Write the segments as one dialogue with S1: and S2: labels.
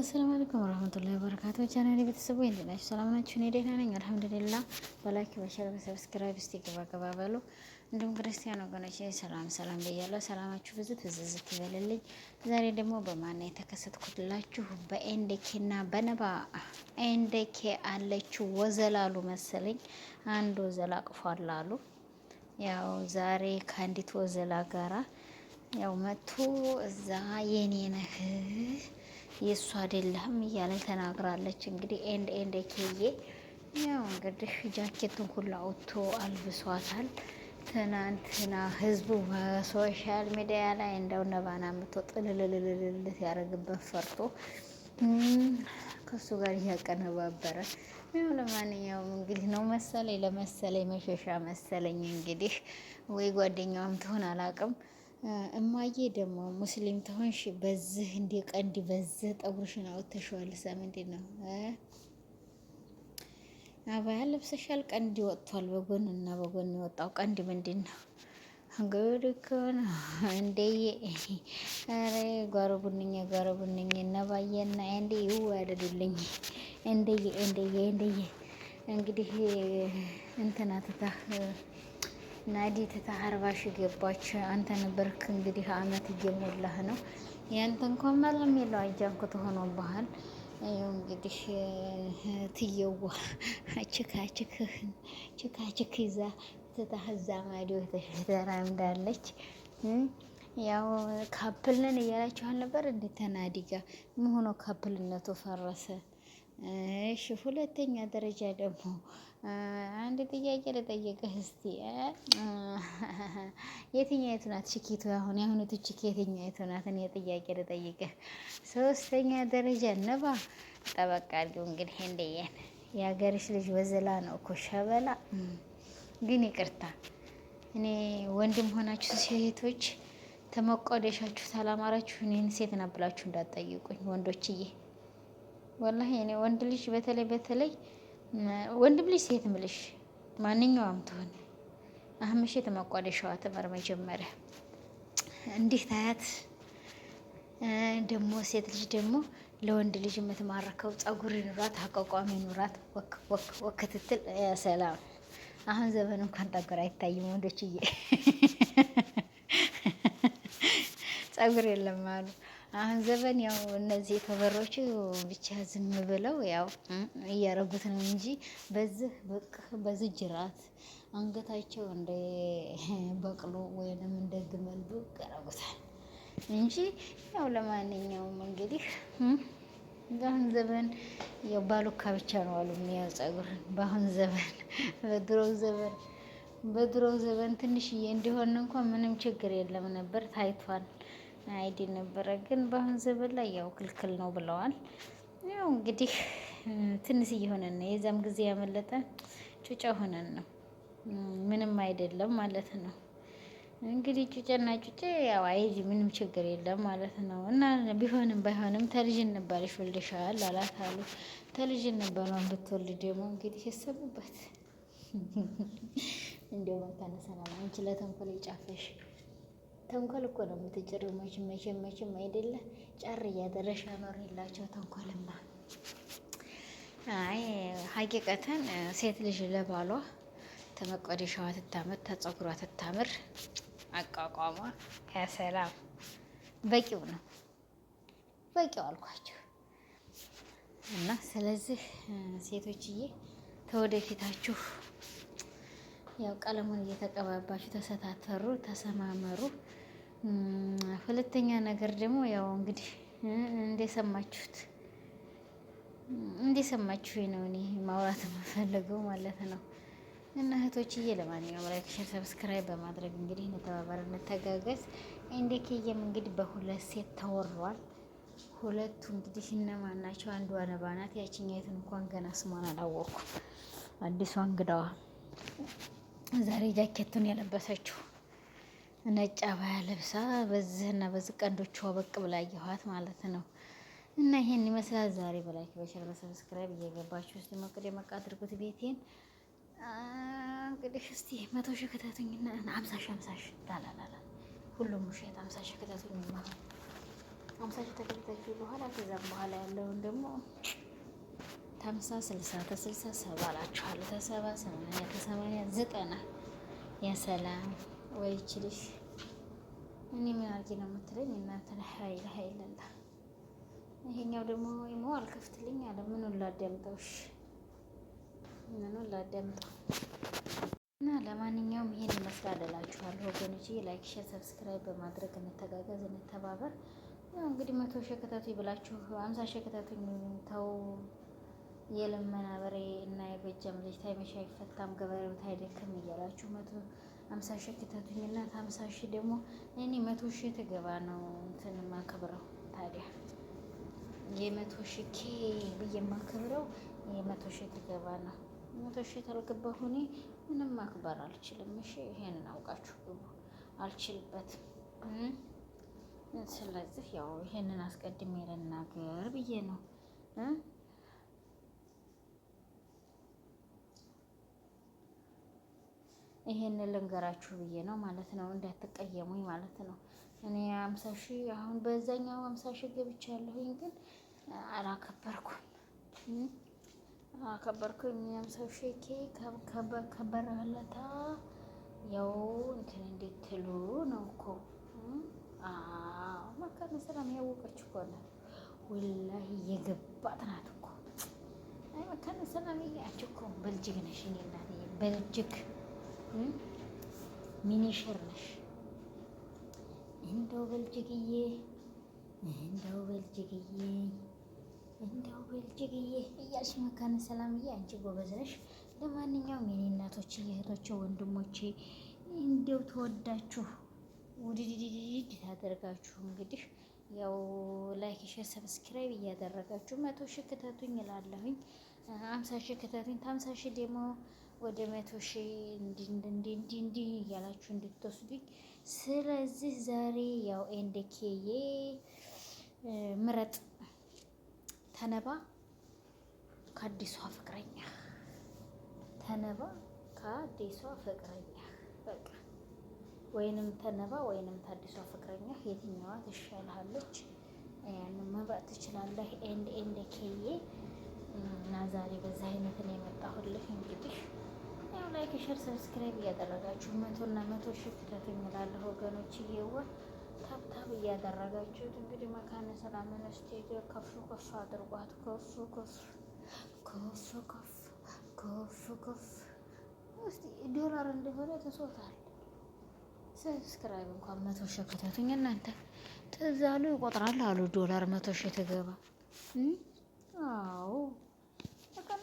S1: አሰላሙ አለይኩም ወራህመቱላሂ ወበረካቱሁ። ቻናሌ ቤተሰቡ እንዴት ናችሁ? ሰላም ናችሁ? እኔ ደህና ነኝ አልሐምዱሊላህ። በላይክ በሸር በሰብስክራይብ እስቲ ገባ ገባ በሉ። እንዲሁም ክርስቲያን ወገኖች ሰላም ሰላም ብያለሁ። ሰላማችሁ ብዙ ትዝዝት ይበልልኝ። ዛሬ ደግሞ በማን የተከሰትኩላችሁ? በኤንዴኬና በነባ ኤንዴኬ አለችው ወዘላሉ መሰለኝ አንድ ወዘላ አቅፏል አሉ። ያው ዛሬ ከአንዲት ወዘላ ጋራ ያው መጥቶ እዛ የኔ ነህ የእሱ አይደለም እያለኝ ተናግራለች። እንግዲህ ኤንድ ኤንድ ኬዬ ያው እንግዲህ ጃኬቱን ሁሉ አውጥቶ አልብሷታል። ትናንትና ህዝቡ በሶሻል ሚዲያ ላይ እንደው ነባና ምቶ ጥልልልልልል ያደረግበት ፈርቶ ከሱ ጋር እያቀነባበረ ያው ለማንኛውም እንግዲህ ነው መሰለኝ ለመሰለኝ መሸሻ መሰለኝ እንግዲህ ወይ ጓደኛውም ትሆን አላውቅም። እማዬ ደግሞ ሙስሊም ተሆንሽ በዝህ እንደ ቀንድ በዝህ ጠጉርሽን አውጥተሽዋል። ሰ ምንድን ነው አባያ ለብሰሻል። ቀንድ ወጥቷል፣ በጎን እና በጎን የወጣው ቀንድ ምንድን ነው? እንግዲኮን እንደየ ኧረ ጓሮ ቡንኝ ጓሮ ቡንኝ እነባየና እንዴ ይው ያደዱልኝ እንደየ እንደየ እንደየ እንግዲህ እንትናትታ ናዲ ትታ አርባ ሺህ ገባች። አንተ ነበርክ እንግዲህ አመት እየሞላህ ነው። ያንተ እንኳን ማለም የለው አጃንኩት ሆኖ ባህል ይኸው እንግዲህ ትየዋ ችካችክህን ችካችክ ይዛ ትታህ እዛ ማዲ ተሽተራ እንዳለች ያው ካፕልን እያላችኋል ነበር እንዴ? ተናዲ መሆኖ ካፕልነቱ ፈረሰ። እሺ ሁለተኛ ደረጃ ደግሞ አንድ ጥያቄ ልጠየቅህ እስቲ። የትኛይቱ ናት ችኬቱ? አሁን የአሁንቱ ችኬ የትኛይቱ ናት? እኔ ጥያቄ ልጠይቅህ። ሶስተኛ ደረጃ ነባ ጠበቃ አድርጊው እንግዲህ እንደየን የሀገርሽ ልጅ ወዘላ ነው እኮ ሸበላ። ግን ይቅርታ እኔ ወንድም ሆናችሁ ሴቶች ተመቆደሻችሁ ታላማራችሁ እኔን ሴት ናብላችሁ እንዳትጠይቁኝ ወንዶችዬ። ወላሂ እኔ ወንድ ልጅ በተለይ በተለይ ወንድም ልጅ ሴትም ልጅ ማንኛውም ትሆን አህመሽ የተመቋደሻዋ ትመር መጀመሪያ እንዲህ ታያት። ደግሞ ሴት ልጅ ደግሞ ለወንድ ልጅ የምትማረከው ጸጉር ይኑራት፣ አቋቋሚ ወክ ወክትትል ሰላም። አሁን ዘመን እንኳን ጠጉር አይታይም ወንዶችዬ፣ ጸጉር የለም አሉ። አሁን ዘበን ያው እነዚህ ከበሮቹ ብቻ ዝም ብለው ያው እያረጉት ነው እንጂ በዚህ በቃ በዚህ ጅራት አንገታቸው እንደ በቅሎ ወይንም እንደ ግመል ብቅ ያረጉታል እንጂ ያው ለማንኛውም እንግዲህ በአሁን ዘመን ያው ባሉካ ብቻ ነው አሉ የሚያው ጸጉርን በአሁን ዘመን በድሮ ዘመን በድሮ ዘበን ትንሽዬ እንዲሆን እንኳን ምንም ችግር የለም ነበር ታይቷል። አይዲ ነበረ። ግን በአሁን ዘበን ላይ ያው ክልክል ነው ብለዋል። ያው እንግዲህ ትንሽ እየሆነን ነው። የዛም ጊዜ ያመለጠ ጩጫ ሆነን ነው ምንም አይደለም ማለት ነው። እንግዲህ ጩጬና ጩጬ ያው አይዲ ምንም ችግር የለም ማለት ነው። እና ቢሆንም ባይሆንም ተልጅን ነበር ይወልድሻል አላት አሉ። ተልጅን ነበረውን ብትወልድ ደግሞ እንግዲህ የሰሙበት እንደውም ተነሰላል አንቺ ለተንኮል የጫፈሽ ተንኮል እኮ ነው የምትጭሪው። መቼም መቼም መቼም አይደለ ጫር እያደረሽ አኖርላቸው ተንኮልማ። አይ ሀቂቀተን ሴት ልጅ ለባሏ ተመቆደሻዋ ትታምር፣ ተጸጉሯ ትታምር፣ አቋቋሟ ከሰላም በቂው ነው በቂው አልኳቸው። እና ስለዚህ ሴቶችዬ ተወደፊታችሁ ያው ቀለሙን እየተቀባባችሁ ተሰታተሩ፣ ተሰማመሩ። ሁለተኛ ነገር ደግሞ ያው እንግዲህ እንደሰማችሁት እንደሰማችሁ ነው እኔ ማውራት የምፈልገው ማለት ነው። እና እህቶችዬ ለማንኛውም ላይክ፣ ሼር፣ ሰብስክራይብ በማድረግ እንግዲህ እንተባበር፣ እንተጋገዝ። እንደ እንግዲህ በሁለት ሴት ተወሯል። ሁለቱ እንግዲህ እነማን ናቸው? አንዷ ነባ ናት። ያችኛይቱን እንኳን ገና ስሟን አላወቅኩም። አዲሷ እንግዳዋ ዛሬ ጃኬቱን የለበሰችው ነጭ አባያ ለብሳ በዝህና በዝ ቀንዶቿ በቅ ብላ አየኋት ማለት ነው። እና ይሄን ይመስላል ዛሬ በላይክ በሸር በሰብስክራይብ እየገባችሁ እስቲ መቅደ መቃ አድርጉት ቤቴን እንግዲህ እስቲ መቶ ሺህ ክተቱኝና አምሳ ሺህ አምሳ ሺህ ላላላላ ሁሉም ውሸት አምሳ ሺህ ክተቱኝ ማለት አምሳ ሺህ ተከተታችሁ በኋላ ከዛም በኋላ ያለውን ደግሞ ተምሳ ስልሳ ተስልሳ ሰባ እላችኋለሁ ተሰባ ሰማንያ ተሰማንያ ዘጠና የሰላም ወይ ችልሽ እኔ ምን አርጊ ነው የምትለኝ እናንተ ሀይል ሀይልላ ይሄኛው ደግሞ ይሞ አልከፍትልኝ አለ ምኑን ላዳምጠውሽ ምኑን ላዳምጠው እና ለማንኛውም ይሄን ይመስላል እላችኋለሁ ወገኖችዬ ላይክ ሼር ሰብስክራይብ በማድረግ እንተጋገዝ እንተባበር ያው እንግዲህ መቶ ሸከታቱ ይብላችሁ አምሳ ሸከታቱ ተው የለመና በሬ እና የጎጃም ልጅ ታይመሻ አይፈታም ገበሬው ታይደክም እያላችሁ መቶ አምሳ ሺህ እና አምሳ ሺህ ደግሞ እኔ መቶ ሺህ ትገባ ነው እንትን ማከብረው ታዲያ የመቶ ሺህ ኬ ብዬ ማከብረው የመቶ ሺህ ትገባ ነው። መቶ ሺህ ታልገባሁ ምንም ማክበር አልችልም። እሺ ይሄንን አውቃችሁ ግቡ። አልችልበትም። ስለዚህ ያው ይሄንን አስቀድሜ ልናገር ብዬ ነው። ይሄን ልንገራችሁ ብዬ ነው ማለት ነው። እንዳትቀየሙኝ ማለት ነው። እኔ አምሳ ሺ አሁን በዛኛው አምሳ ሺ ገብቻ ያለሁኝ ግን አላከበርኩም አከበርኩኝ። አምሳ ሺ ኬ ከበረለታ ያው እንትን እንድትሉ ነው እኮ መካነ ሰላም ያወቀች እኮ ናት። ወላሂ እየገባት ናት እኮ መካነ ሰላም ያች እኮ በልጅግ ነሽ እኔ እናት በልጅግ ሚኒሽር ነሽ። እንደው በልጅግዬ እንደው በልጅግዬ እንደው በልጅግዬ እያልሽ መካነ ሰላምዬ አንቺ ጎበዝ ነሽ። ለማንኛውም የኔ እናቶች፣ እህቶቼ፣ ወንድሞቼ እንደው ተወዳችሁ ውድድድድድ ታደርጋችሁ እንግዲህ ያው ላይክ ሼር ሰብስክራይብ እያደረጋችሁ መቶ ሺህ ክተቱኝ እላለሁኝ። አምሳ ሺህ ከተቱኝ ከአምሳ ሺህ ደግሞ ወደ መቶ ሺህ እንዲህ እያላችሁ እንድትወስዱኝ። ስለዚህ ዛሬ ያው ኤንደኬዬ ምረጥ ተነባ ከአዲሷ ፍቅረኛ ተነባ ከአዲሷ ፍቅረኛ በቃ ወይንም ተነባ ወይንም ከአዲሷ ፍቅረኛ የትኛዋ ትሻልሃለች? ያንን መምረጥ ትችላለህ። ኤንድ ኤንድ ኬዬ እና ዛሬ በዛ አይነት ነው የመጣሁልህ። እንግዲህ ያው ላይክ፣ ሸር፣ ሰብስክራይብ እያደረጋችሁ መቶ እና መቶ ሺህ ክተት እምላለሁ ወገኖች እየወ ታብታብ እያደረጋችሁት እንግዲህ መካነ ሰላምን ስቴጅ ከፍ ከፍ አድርጓት። ከፍ ከፍ ከፍ ከፍ ከፍ ከፍ እስቲ ዶላር እንደሆነ ተሶታል። ሰብስክራይብ እንኳን መቶ ሺህ ክተቱኝ እናንተ ትዝ አሉ ይቆጥራል አሉ ዶላር መቶ ሺህ ትገባ። አዎ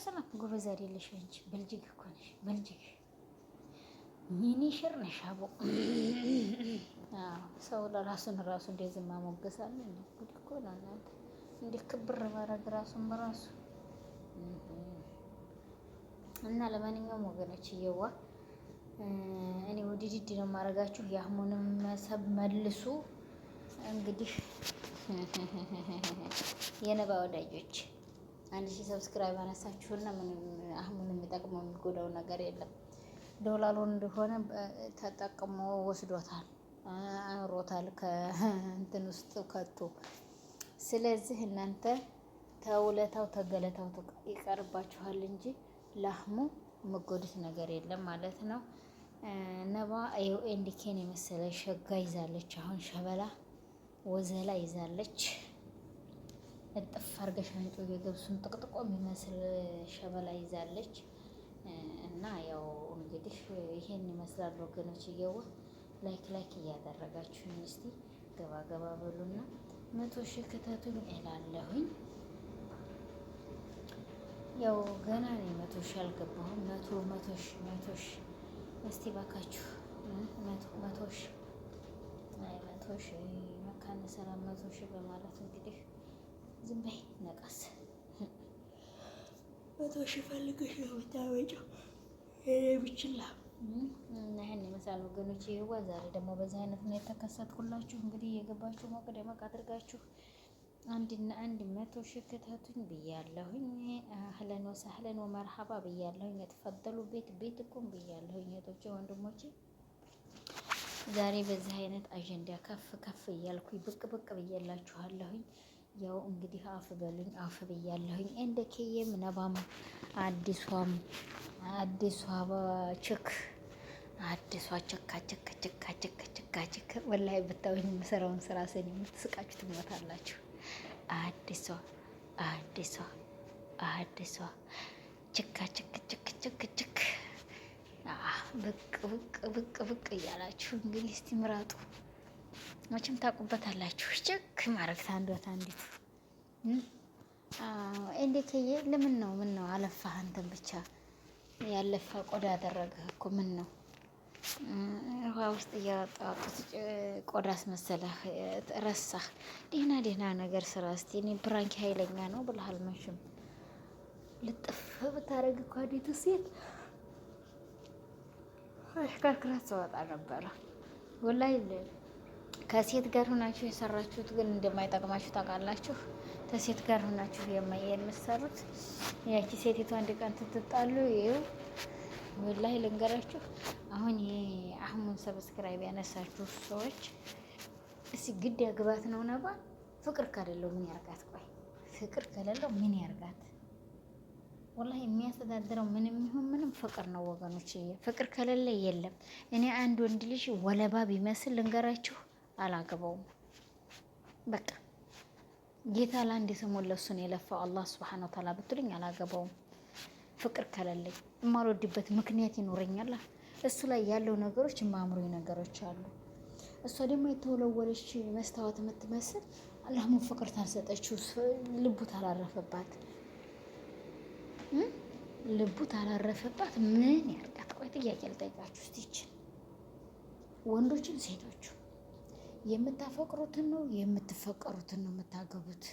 S1: በስመ አብ ጎበዝ አይደለሽ አንቺ። በልጅግ እኮ ነሽ በልጅግ ሚኒ ነሽ አቦ። ሰው ለራሱን ራሱ እንደዚህ ማሞገሳል ጉድ እኮ ነው እናንተ። እንዲህ ክብር ማድረግ ራሱን በራሱ እና ለማንኛውም ወገኖች እየዋ እኔ ውድድድ ነው የማደርጋችሁ። የአህሙንም መሰብ መልሱ እንግዲህ የነባ ወዳጆች አንድ ሺህ ሰብስክራይብ አነሳችሁና ምንም አህሙን የሚጠቅመው የሚጎዳው ነገር የለም። ዶላሩ እንደሆነ ተጠቅሞ ወስዶታል፣ አኑሮታል ከእንትን ውስጥ ከቶ። ስለዚህ እናንተ ተውለታው ተገለታው ይቀርባችኋል እንጂ ለአህሙ መጎዱት ነገር የለም ማለት ነው። ነባ ኤንዲኬን የመሰለ ሸጋ ይዛለች። አሁን ሸበላ ወዘላ ይዛለች። እጥፍ አድርገሽ አንጮ የገብሱን ጥቅጥቆ የሚመስል ሸበላ ይዛለች። እና ያው እንግዲህ ይሄን ይመስላል ወገኖች። እየወ ላይክ ላይክ እያደረጋችሁኝ እስቲ ገባ ገባ በሉና መቶ ሺህ ክተቱኝ እላለሁኝ። ያው ገና ነው መቶ ሺህ አልገባሁም። መቶ መቶ ሺህ መቶ ሺህ እስቲ ባካችሁ መቶ ሺህ መቶ ሺህ መካነ ሰላም መቶ ሺህ በማለት እንግዲህ ዝም በይ ነቀስ። መቶ ሺህ ፈልገሽ ነው የምታመጪው። እኔ ብችላ እና ይህን ይመስላል ወገኖች። ይህዋ ዛሬ ደግሞ በዚህ አይነት ነው የተከሰትኩላችሁ። እንግዲህ የገባችሁ ሞቅ ደመቅ አድርጋችሁ አንድና አንድ መቶ ሺህ ክተቱኝ ብያለሁኝ። አህለን ወሳህለን ወመርሀባ ብያለሁኝ። የተፈደሉ ቤት ቤት እቁም ብያለሁኝ። እህቶቼ ወንድሞቼ ዛሬ በዚህ አይነት አጀንዳ ከፍ ከፍ እያልኩኝ ብቅ ብቅ ብዬላችኋለሁኝ። ያው እንግዲህ አፍ በሉኝ አፍ ብያለሁኝ። እንደ ኬዬም ነባም አዲሷም አዲሷ ችክ አዲሷ ችካ ችክ ችካ ችክ ችካ ችክ ወላሂ ብታወኝ የምሰራውን ስራ ስን የምትስቃችሁ ትሞታላችሁ። አዲሷ አዲሷ አዲሷ ችካ ችክ ችክ ችክ ችክ ብቅ ብቅ ብቅ ብቅ እያላችሁ እንግዲህ እስቲ ምራጡ። መቼም ታውቁበታላችሁ። ጭክ ማድረግ ታንዷት አንዲት እንዴትዬ ለምን ነው ምን ነው አለፋህ? አንተን ብቻ ያለፋ ቆዳ አደረገህ እኮ ምን ነው ውሃ ውስጥ እያጣጡት ቆዳ አስመሰለህ፣ ረሳህ። ደህና ደህና ነገር ስራ እስቲ። እኔ ብራንኪ ኃይለኛ ነው ብለሃል። መቼም ልጥፍ ብታደርግ እኮ አንዲት ሴት አሽከርክራት ሰወጣ ነበረ ወላሂ ከሴት ጋር ሆናችሁ የሰራችሁት ግን እንደማይጠቅማችሁ ታውቃላችሁ። ከሴት ጋር ሆናችሁ የምትሰሩት ያቺ ሴቲቷ አንድ ቀን ትትጣሉ። ይኸው ወላሂ ልንገራችሁ፣ አሁን የአህሙን ሰብስክራይብ ያነሳችሁ ሰዎች እስኪ ግድ ያግባት ነው ነባ። ፍቅር ከሌለው ምን ያርጋት? ቆይ ፍቅር ከሌለው ምን ያርጋት? ወላሂ የሚያስተዳድረው ምንም ይሁን ምንም ፍቅር ነው ወገኖች። ፍቅር ከሌለ የለም። እኔ አንድ ወንድ ልጅ ወለባ ቢመስል ልንገራችሁ አላገባውም። በቃ ጌታ ለአንድ የሰሞን ለእሱን የለፋው አላህ ስብሐነ ወተዓላ ብትሉኝ አላገባውም። ፍቅር ከሌለኝ የማልወድበት ምክንያት ይኖረኛል። እሱ ላይ ያለው ነገሮች የማምሩ ነገሮች አሉ። እሷ ደግሞ የተወለወለች መስታወት የምትመስል አላህሙን ፍቅር ታልሰጠችው ልቡ ታላረፈባት ልቡ ታላረፈባት ምን ያርጋት? ቆይ ጥያቄ ልጠይቃችሁ። ስቲችን ወንዶችን ሴቶቹ የምታፈቅሩትን ነው የምትፈቀሩትን ነው የምታገቡት።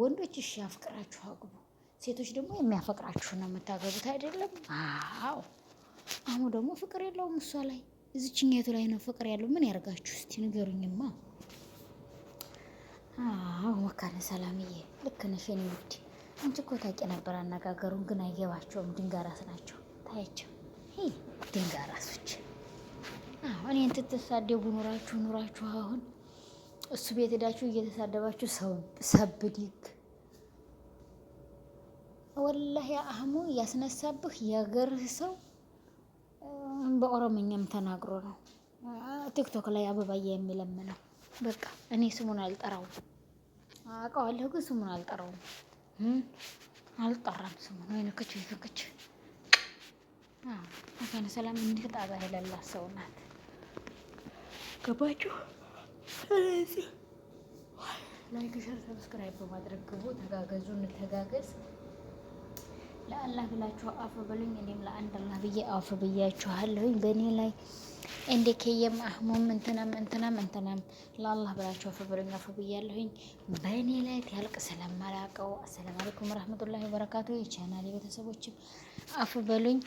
S1: ወንዶች እሺ አፍቅራችሁ አግቡ፣ ሴቶች ደግሞ የሚያፈቅራችሁ ነው የምታገቡት አይደለም? አዎ። አሁን ደግሞ ፍቅር የለውም እሷ ላይ እዚችኛቱ ላይ ነው ፍቅር ያለው። ምን ያደርጋችሁ እስቲ ንገሩኝማ። አዎ መካነ ሰላምዬ ልክ ነሽ ውድ። አንቺ እኮ ታውቂ ነበር አነጋገሩን፣ ግን አይገባቸውም። ድንጋይ ራስ ናቸው። ታያቸው ድንጋይ ራሶች እኔን ትትሳደቡ ኑራችሁ ኑራችሁ አሁን እሱ ቤት ሄዳችሁ እየተሳደባችሁ ሰብዲግ ወላሂ አህሙ ያስነሳብህ የገርህ ሰው በኦሮምኛም ተናግሮ ነው ቲክቶክ ላይ አበባዬ የሚለምነው። በቃ እኔ ስሙን አልጠራውም፣ አውቀዋለሁ ግን ስሙን አልጠራውም። አልጠራም ስሙን ወይ ንክች ወይ ንክች ሰላም እንዲህ ጣባ የሌላት ሰው ናት። ገባችሁ? ስለዚህ ላይክ፣ ሸር፣ ሰብስክራይብ በማድረግ ግቡ። ተጋገዙ፣ እንተጋገዝ። ለአላህ ብላችሁ አፍ ብሉኝ። እኔም ለአንድ አላህ ብዬ አፍ ብያችኋለሁኝ። በእኔ ላይ እንደ ከየም አህሙም እንትናም እንትናም እንትናም ለአላህ ብላችሁ አፍ ብሉኝ፣ አፍ ብያለሁኝ። በእኔ ላይ ትያልቅ ስለማላቀው። አሰላም አለይኩም ረህመቱላሂ ወበረካቱ። የቻናል ቤተሰቦችም አፍ በሉኝ።